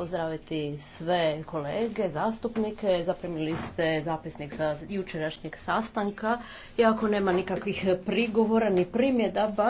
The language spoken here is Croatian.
pozdraviti sve kolege, zastupnike. Zaprimili ste zapisnik za jučerašnjeg sastanka Iako nema nikakvih prigovora ni primjedaba,